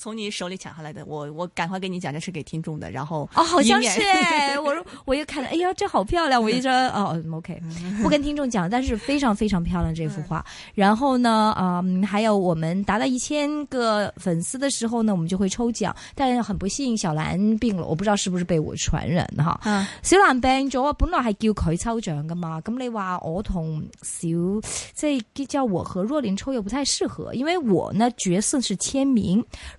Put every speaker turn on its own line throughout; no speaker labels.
從你手裏搶下來的，我我趕快給你講，這是給聽眾的。然後哦，好像是哎， 我說
我又看了，哎呀，這好漂亮！我一說，嗯、哦，OK，不跟聽眾講，嗯，但是非常非常漂亮這幅畫。嗯，然後呢，嗯，呃，還有我們達到一千個粉絲的時候呢，我們就會抽獎。但是很不幸小蘭病了，我不知道是不是被我傳染的哈。小蘭病咗，本來還叫佢抽獎的嘛。咁你話我同小，這叫我和若琳抽又不太適合，因為我呢角色是簽名。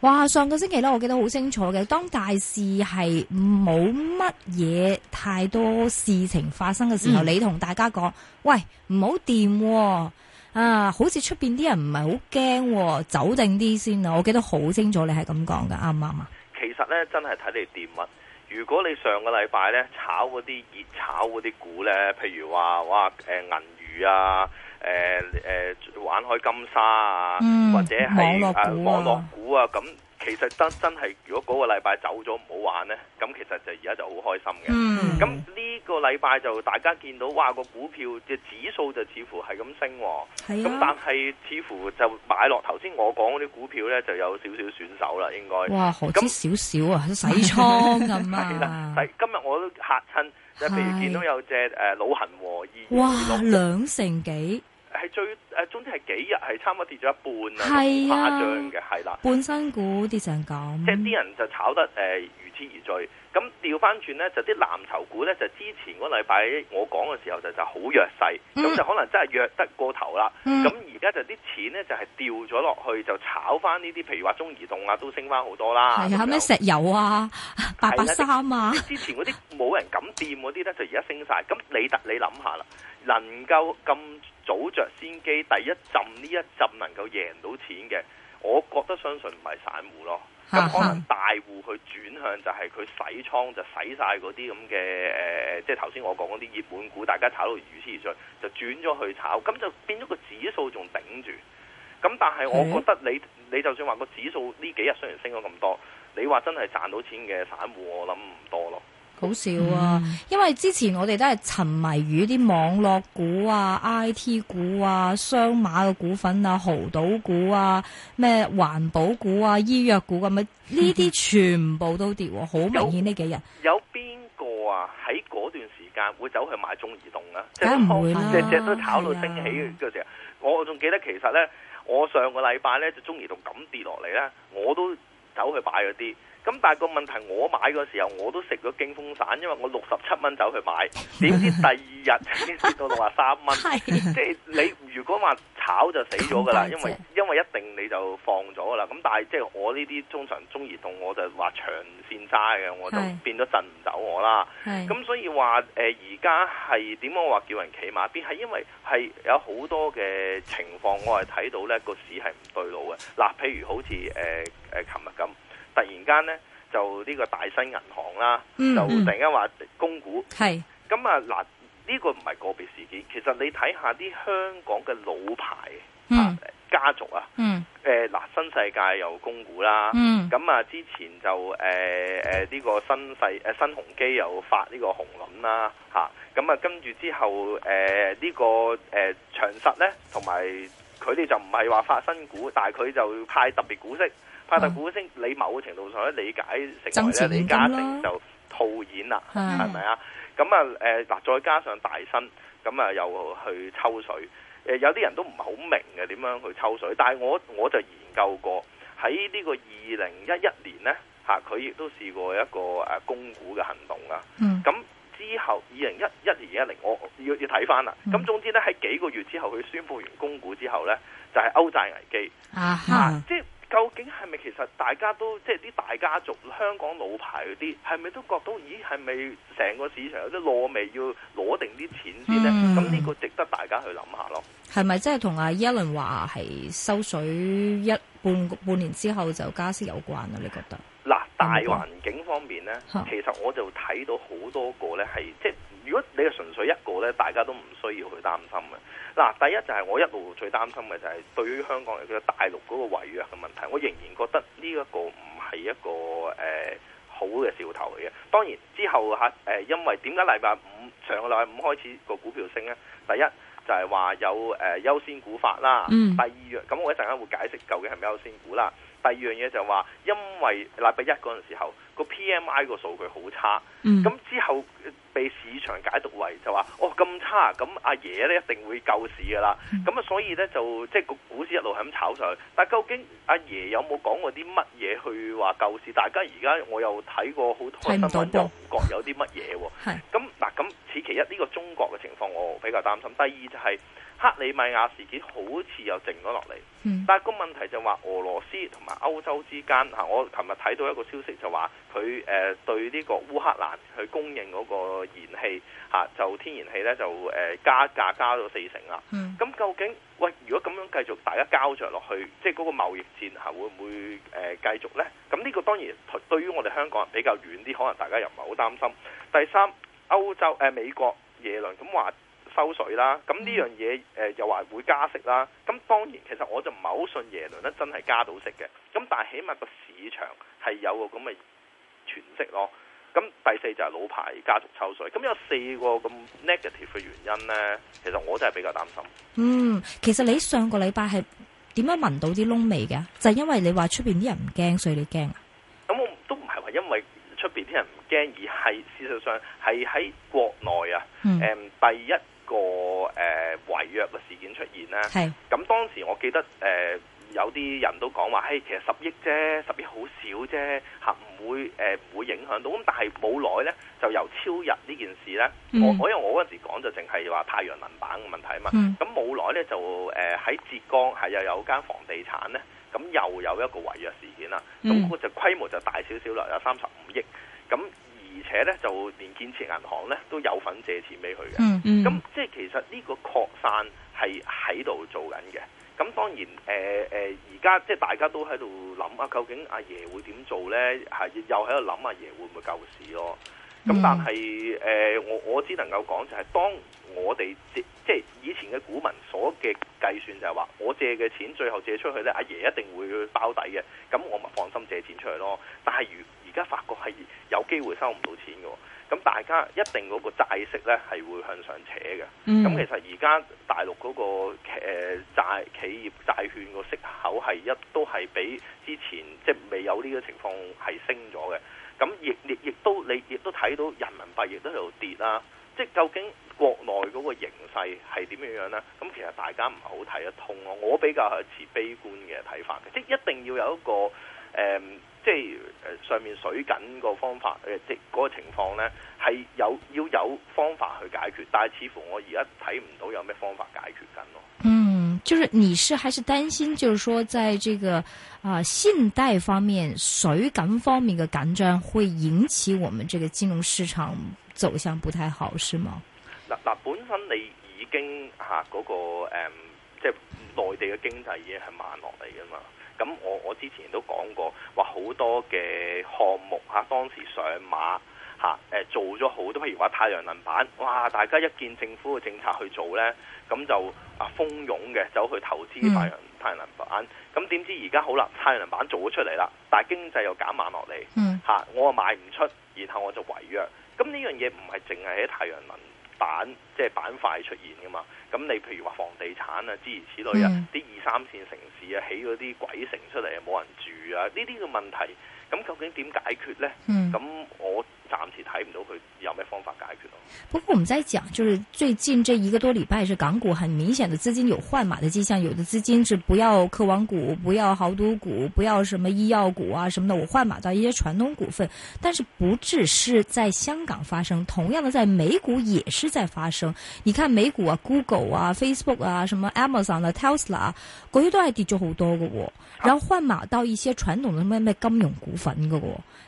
哇！上個星期咧，我記得好清楚嘅，當大市係冇乜嘢太多事情發生嘅時候，嗯、你同大家講，喂，唔好掂、哦，啊，好似出邊啲人唔係好驚，走定啲先啊！我記得好清楚你，你係咁講噶，啱唔啱
啊？其實咧，真係睇你掂乜、啊。如果你上個禮拜咧炒嗰啲熱炒嗰啲股咧，譬如話哇，誒銀娛啊。誒、呃、誒、呃，玩開金沙啊、嗯，或者係誒網絡股啊，咁、啊啊、其實真真係。如果嗰個禮拜走咗唔好玩咧，咁其實就而家就好開心嘅。嗯咁呢？這個禮拜就大家見到，哇個股票嘅指數就似乎係咁升，咁、啊、但係似乎就買落頭先我講嗰啲股票呢，就有點少少損手啦，應該哇何止
少少啊，洗倉咁
今日我都嚇親，即譬如見到有隻誒老恒和二二六
兩成幾。
係最誒，總之係幾日係差唔多跌咗一半是啊，好誇張嘅，係啦。
半新股跌成
咁，即係啲人就炒得誒、呃、如痴如醉。咁調翻轉咧，就啲藍籌股咧，就之前個禮拜我講嘅時候就就好弱勢，咁、嗯、就可能真係弱得過頭啦。咁而家就啲錢咧就係、是、掉咗落去，就炒翻呢啲，譬如話中移動啊，都升翻好多啦。係啊，咩石
油啊，八八三啊，
之前嗰啲冇人敢掂嗰啲咧，就而家升晒。咁你突你諗下啦，能夠咁？早着先機，第一浸呢一浸能夠贏到錢嘅，我覺得相信唔係散戶咯。咁、啊、可能大戶佢轉向就係、是、佢洗倉，就洗晒嗰啲咁嘅誒，即係頭先我講嗰啲熱門股，大家炒到如絲魚碎，就轉咗去炒，咁就變咗個指數仲頂住。咁但係我覺得你、嗯、你就算話個指數呢幾日雖然升咗咁多，你話真係賺到錢嘅散戶，我諗唔多咯。好少啊、嗯！因
為之前我哋都係沉迷於啲網絡股啊、IT 股啊、雙馬嘅股份啊、豪賭股啊、咩環保股啊、醫藥股咁樣，呢啲全部都跌，好明顯呢幾日。
有邊個啊？喺嗰段時間會走去買中移動啊？即係，隻隻都炒到升起嘅嗰時，啊，我仲記得其實咧，我上個禮拜咧，就中移動咁跌落嚟咧，我都走去買咗啲。咁但係個問題我，我買嗰時候我都食咗驚風散，因為我六十七蚊走去買，點知第二日跌到六十三蚊，即 係、就是、你如果話炒就死咗噶啦，因為因為一定你就放咗啦。咁但係即係我呢啲中常中意動我就話長線揸嘅，我就變咗震唔走我啦。咁所以話而家係點講話叫人企馬邊，係因為係有好多嘅情況，我係睇到咧個市係唔對路嘅。嗱，譬如好似誒琴日。呃呃間咧就呢個大新銀行啦，就突然間話供股，係咁啊嗱，呢、嗯，這個唔係個別事件，其實你睇下，啲香港嘅老牌、嗯、啊家族啊，誒、嗯、嗱、呃、新世界又供股啦，咁、嗯、啊之前就誒誒呢個新世誒新鴻基又發呢個紅捻啦，吓咁啊跟住之後誒、呃這個、呃、呢個誒長實咧，同埋佢哋就唔係話發新股，但係佢就派特別股息。派特股星，你某程度上可理解成為咧，李嘉誠就套現啦，係咪啊？咁啊，誒嗱，再加上大新，咁啊又去抽水。誒有啲人都唔係好明嘅點樣去抽水，但係我我就研究過喺呢個二零一一年咧嚇，佢亦都試過一個誒供股嘅行動啦。咁、嗯、之後二零一一年一零，2011, 2011，我要要睇翻啦。咁、嗯、總之咧，喺幾個月之後，佢宣布完供股之後咧，就係歐債危機啊，啊，即係。究竟係咪其實大家都即係啲大家族香港老牌嗰啲係咪都覺得到，咦，係咪成個市場有啲落味，要攞定啲錢先？咧、嗯？咁呢個值得大家去諗下咯。
係咪即係同阿耶倫話係收水一半半年之後就加息有關啊？你覺得？
大環境方面呢，其實我就睇到好多個呢，係，即係如果你係純粹一個呢，大家都唔需要去擔心嘅。嗱，第一就係、是、我一路最擔心嘅就係、是、對於香港嚟講，大陸嗰個違約嘅問題，我仍然覺得呢一個唔係一個好嘅兆頭嚟嘅。當然之後、呃、因為點解禮拜五上禮拜五開始個股票升呢？第一就係、是、話有誒、呃、優先股法啦，嗯、第二咁我一陣間會解釋究竟係咪優先股啦。第二樣嘢就係話，因為禮拜一嗰陣時候個 PMI 個數據好差，咁、嗯、之後被市場解讀為就話哦，咁差，咁阿爺咧一定會救市噶啦。咁、嗯、啊，所以呢，就即係個股市一路係咁炒上去。但究竟阿爺有冇講過啲乜嘢去話救市？大家而家我又睇過好多新聞，都唔覺有啲乜嘢喎。咁嗱，咁此其一呢、呢個中國嘅情況我比較擔心。第二就係、是。克里米亞事件好似又靜咗落嚟，但係個問題就話俄羅斯同埋歐洲之間嚇，我琴日睇到一個消息就話佢誒對呢個烏克蘭去供應嗰個燃氣嚇，就天然氣咧就誒加價加咗四成啦。咁、嗯、究竟喂，如果咁樣繼續大家交着落去，即係嗰個貿易戰下會唔會誒繼續咧？咁呢個當然對於我哋香港人比較遠啲，可能大家又唔係好擔心。第三，歐洲誒美國耶倫咁話。抽水啦，咁呢樣嘢，誒又話會加息啦，咁當然其實我就唔係好信耶倫咧，真係加到息嘅，咁但係起碼個市場係有個咁嘅存息咯，咁第四就係老牌家族抽水，咁有四個咁 negative 嘅原因呢，其實我真係比較擔心。嗯，
其實你上個禮拜係點樣聞到啲窿味嘅？就係、因為你話出面啲人唔驚，所以你驚啊？
咁我都唔係話因為出面啲人唔驚，而係事實上係喺國內啊，誒第一。個誒違約嘅事件出現咧，咁當時我記得誒、呃、有啲人都講話，嘿，其實十億啫，十億好少啫，嚇、啊、唔會誒唔、呃、會影響到。咁但係冇耐咧，就由超日呢件事咧、嗯，我我因為我嗰陣時講就淨係話太陽能板嘅問題啊嘛，咁冇耐咧就誒喺、呃、浙江係又有間房地產咧，咁又有一個違約事件啦，咁、嗯，那個就規模就大少少啦，有三十五億咁。而且咧就連建設銀行咧都有份借錢俾佢嘅，咁即係其實呢個擴散係喺度做緊嘅。咁當然誒誒，而家即係大家都喺度諗啊，究竟阿爺會點做咧？係又喺度諗阿爺會唔會救市咯？咁、嗯、但係誒、呃，我我只能夠講就係、是，當我哋借即係以前嘅股民所嘅計算就係話，我借嘅錢最後借出去咧，阿爺一定會去包底嘅，咁我咪放心借錢出嚟咯。但係如果而家發覺係有機會收唔到錢嘅，咁大家一定嗰個債息咧係會向上扯嘅。咁、mm. 其實而家大陸嗰、那個誒、呃、債企業債券個息口係一都係比之前即係未有呢個情況係升咗嘅。咁亦亦亦都你亦都睇到人民幣亦都喺度跌啦、啊。即、就、係、是、究竟國內嗰個形勢係點樣樣咧？咁其實大家唔係好睇得通啊！我比較係持悲觀嘅睇法嘅，即、就、係、是、一定要有一個誒。嗯即係、呃、上面水緊個方法誒、呃，即嗰、那個情況咧係，有要有方法去解決，但係似乎我而家睇唔到有咩方法解決緊咯。嗯，
就是你是還是擔心，就是說，在這個啊信貸方面水緊方面嘅緊張，會引起我們這個金融市場走向不太好，是嗎？
嗱嗱、呃呃，本身你已經嚇嗰、呃那個、呃、即係內地嘅經濟嘢經係慢落嚟噶嘛。咁我我之前都講過，話好多嘅項目嚇當時上馬嚇誒做咗好多，譬如話太陽能板，哇！大家一見政府嘅政策去做呢，咁就啊蜂擁嘅走去投資太陽太陽能板。咁、嗯、點知而家好啦，太陽能板做咗出嚟啦，但係經濟又減慢落嚟、嗯，我又賣唔出，然後我就違約。咁呢樣嘢唔係淨係喺太陽能。板即係板塊出現噶嘛？咁你譬如話房地產啊，諸如此類啊，啲、嗯、二三線城市啊，起嗰啲鬼城出嚟啊，冇人住啊，呢啲嘅問題，咁究竟點解決咧？咁、嗯、我。暫時睇唔到佢有咩方
法解決咯。不過我們在講，就是最近這一個多禮拜，是港股很明顯的資金有換馬的跡象，有的資金是不要科網股，不要濠賭股，不要什麼醫藥股啊什麼的，我換馬到一些傳統股份。但是不只是在香港發生，同樣的在美股也是在發生。你看美股啊，Google 啊，Facebook 啊，什麼 Amazon 啊，Tesla 啊，國外都係跌咗好多嘅喎，然後換馬到一些傳統嘅咩咩金融股份嘅喎。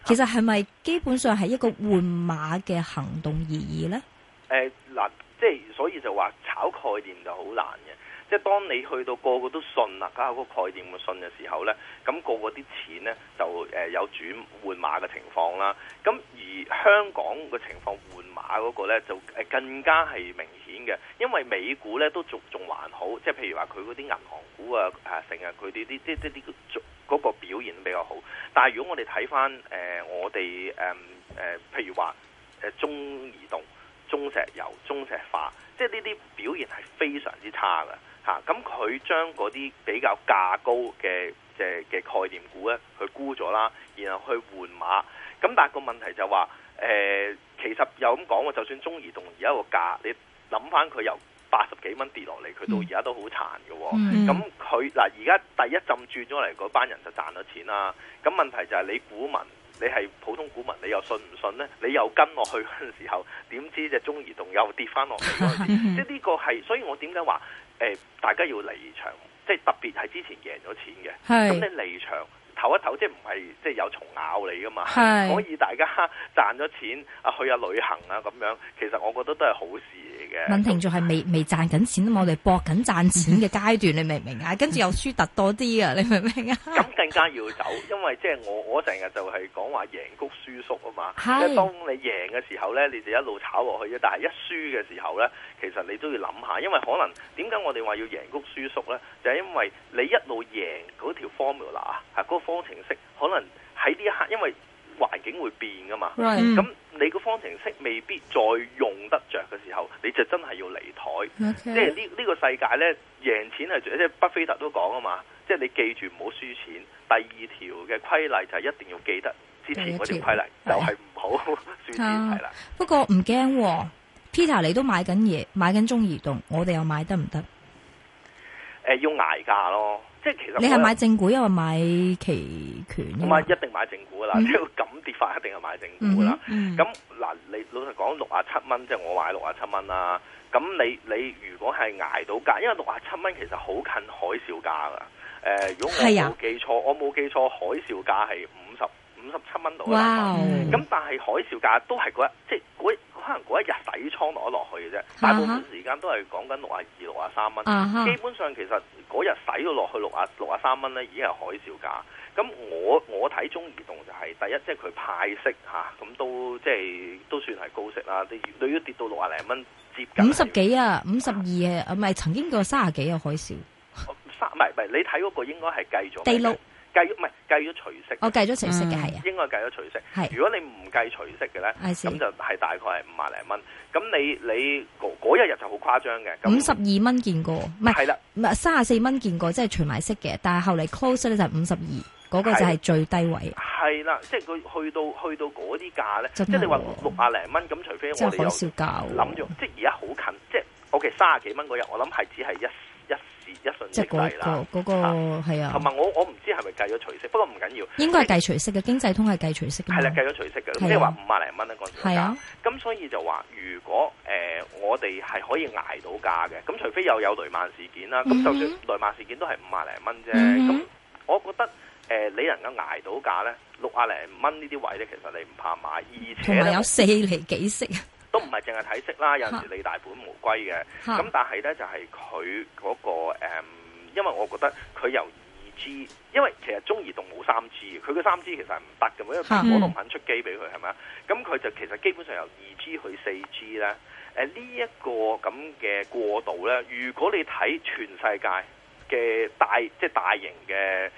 其實係咪基本上係一個？換馬嘅行動意義咧？
誒、呃，嗱，即係所以就話炒概念就好難嘅。即係當你去到個個都信，啊信那個個呃、啦，加下個概念會信嘅時候咧，咁個個啲錢咧就誒有轉換馬嘅情況啦。咁而香港嘅情況換馬嗰個咧就誒、呃、更加係明顯嘅，因為美股咧都仲仲還好。即係譬如話佢嗰啲銀行股啊，啊成日佢哋啲即係啲啲嗰個表現比較好。但係如果我哋睇翻誒我哋誒。嗯呃、譬如話，誒中移動、中石油、中石化，即係呢啲表現係非常之差嘅嚇。咁、啊、佢將嗰啲比較價高嘅嘅嘅概念股咧，去沽咗啦，然後去換碼。咁但係個問題就話、是，誒、呃、其實又咁講喎，就算中移動而家個價，你諗翻佢由八十幾蚊跌落嚟，佢到而家都好殘嘅。咁佢嗱而家第一浸轉咗嚟嗰班人就賺到錢啦。咁問題就係你股民。你係普通股民，你又信唔信呢？你又跟落去嗰陣時候，點知就中移動又跌翻落嚟嗰時， 即係呢個係，所以我點解話誒大家要離場，即係特別係之前贏咗錢嘅，咁你離場唞一唞，即係唔係即係有蟲咬你噶嘛？可以大家賺咗錢啊去下旅行啊咁樣，其實我覺得都係好事。問題仲
係未未賺緊錢啊嘛？我哋搏緊賺錢嘅階段，你明唔明啊？ 跟住又輸突多啲啊！你明唔明啊？
咁更加要走，因為即係我我成日就係講話贏谷輸縮啊嘛。即係當你贏嘅時候咧，你就一路炒落去，但係一輸嘅時候咧，其實你都要諗下，因為可能點解我哋話要贏谷輸縮咧？就係、是、因為你一路贏嗰條 formula 啊，嗰個方程式可能喺呢一刻，因為環境會變噶嘛。咁、right. 嗯你個方程式未必再用得着嘅時候，你就真係要離台。Okay. 即係呢呢個世界呢，贏錢係最即係。巴菲特都講啊嘛，即係你記住唔好輸錢。第二條嘅規例就係一定要記得之前嗰條規例，就係唔好
輸錢係啦、 啊。不過唔驚、啊、Peter 你都買緊嘢，買緊中移動，我哋又買得唔得？
誒、呃，要捱價咯。其實你係買正股，
因為買期權。唔係一
定買正股噶啦，呢個咁跌法一定係買正股噶啦。咁、嗯、嗱、嗯，你老實講，六啊七蚊，即、就、係、是、我買六啊七蚊啦。咁你你如果係捱到價，因為六啊七蚊其實好近海嘯價噶。誒、呃，如果我冇記錯，啊、我冇記錯海嘯價係五十五十七蚊度啦。咁、嗯、但係海嘯價都係嗰、就是、一，即係可能嗰一日洗倉落咗落去嘅啫，大部分時間都係講緊六啊二、六啊三蚊。Uh-huh. 基本上其實嗰日洗咗落去六啊六啊三蚊咧，已經係海嘯價。咁我我睇中移動就係、是、第一，即係佢派息吓，咁、啊、都即係、就是、都算係高息啦。跌你要跌到六啊零蚊接近五十幾
啊，五十二啊，唔係曾經過三啊幾嘅海嘯。
唔係唔係，你睇嗰個應該係計咗。第六。計唔係計咗除息，我計咗除息嘅係、嗯，應該計咗除息。係如果你唔計除息嘅，咧，咁就係大概係五萬零蚊。咁你你嗰一日就好誇張嘅。五十二
蚊見過，唔係，係啦，唔係三十四蚊見過，即係除埋息嘅。但係後嚟 close 咧就五十二，嗰、嗰個就係最低位。
係啦，即係佢去到去到嗰啲價咧，即係你話六萬零蚊咁，就是、除非我有諗住，即係而家好近，即係 OK 三十幾蚊嗰日，我諗係只係一。一即係嗰、嗰個、嗰個係啊，同埋我我唔知係咪計咗除息，不過唔緊要，
應該係計除息嘅，經濟通係計除息。係啦，計咗除息嘅、啊，即係話五
萬零蚊一個時啊，咁所以就話，如果誒、呃、我哋係可以挨到價嘅，咁除非又有雷曼事件啦，咁就算雷曼事件都係五萬零蚊啫。咁、嗯、我覺得誒、呃、你能夠挨到價咧，六萬零蚊呢啲位咧，其實你唔怕買，而且有，有四
釐幾息。
都唔係淨係睇色啦，有時你大本無歸嘅。咁、啊、但係咧就係佢嗰個、嗯、因為我覺得佢由二 G，因為其實中移動冇三 G，佢嘅三 G 其實係唔得嘅，因為蘋果都唔肯出機俾佢係咪啊？咁佢、嗯、就其實基本上由二 G 去四 G 咧。呢、呃、一、這個咁嘅過渡咧，如果你睇全世界嘅大即、係、大型嘅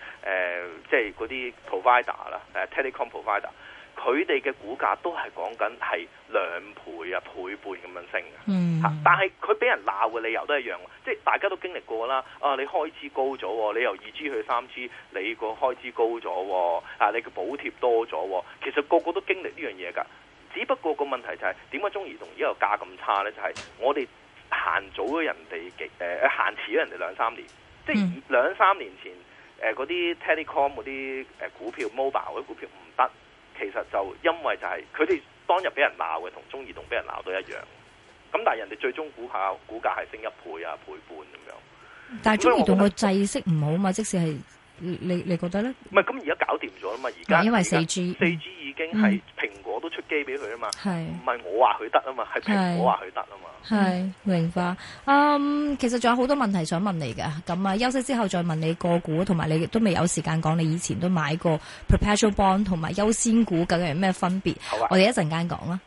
即係嗰啲 provider 啦、啊、telecom provider。佢哋嘅股價都係講緊係兩倍啊，倍半咁樣升嘅。嗯，嚇，但係佢俾人鬧嘅理由都係一樣的，即係大家都經歷過啦。啊，你開支高咗，你由二 G 去三 G，你個開支高咗啊，你嘅補貼多咗。其實個個都經歷呢樣嘢㗎，只不過個問題就係點解中移動呢個價咁差咧？就係我哋行早咗人哋幾誒，行遲咗人哋兩三年，嗯、即係兩三年前誒嗰啲 telecom 嗰啲誒股票、mobile 嗰啲股票唔得。其實就因為就係佢哋當日俾人鬧嘅，同中移動俾人鬧都一樣。咁但係人哋最終股價股價係升一倍啊，倍半咁樣。
但係中移動個制式唔好嘛，即使係。你你覺得咧？
唔係，咁而家搞掂咗啦嘛，而家因為四 G，四 G 已經係蘋果都出機俾佢啦嘛，嗯，唔係我話佢得啊嘛，係蘋果話佢得啊嘛，
係、嗯，明白。嗯，其實仲有好多問題想問你嘅，咁啊，休息之後再問你個股，同埋你都未有時間講你以前都買過 perpetual bond 同埋優先股究竟有咩分別？好啊，我哋一陣間講啦。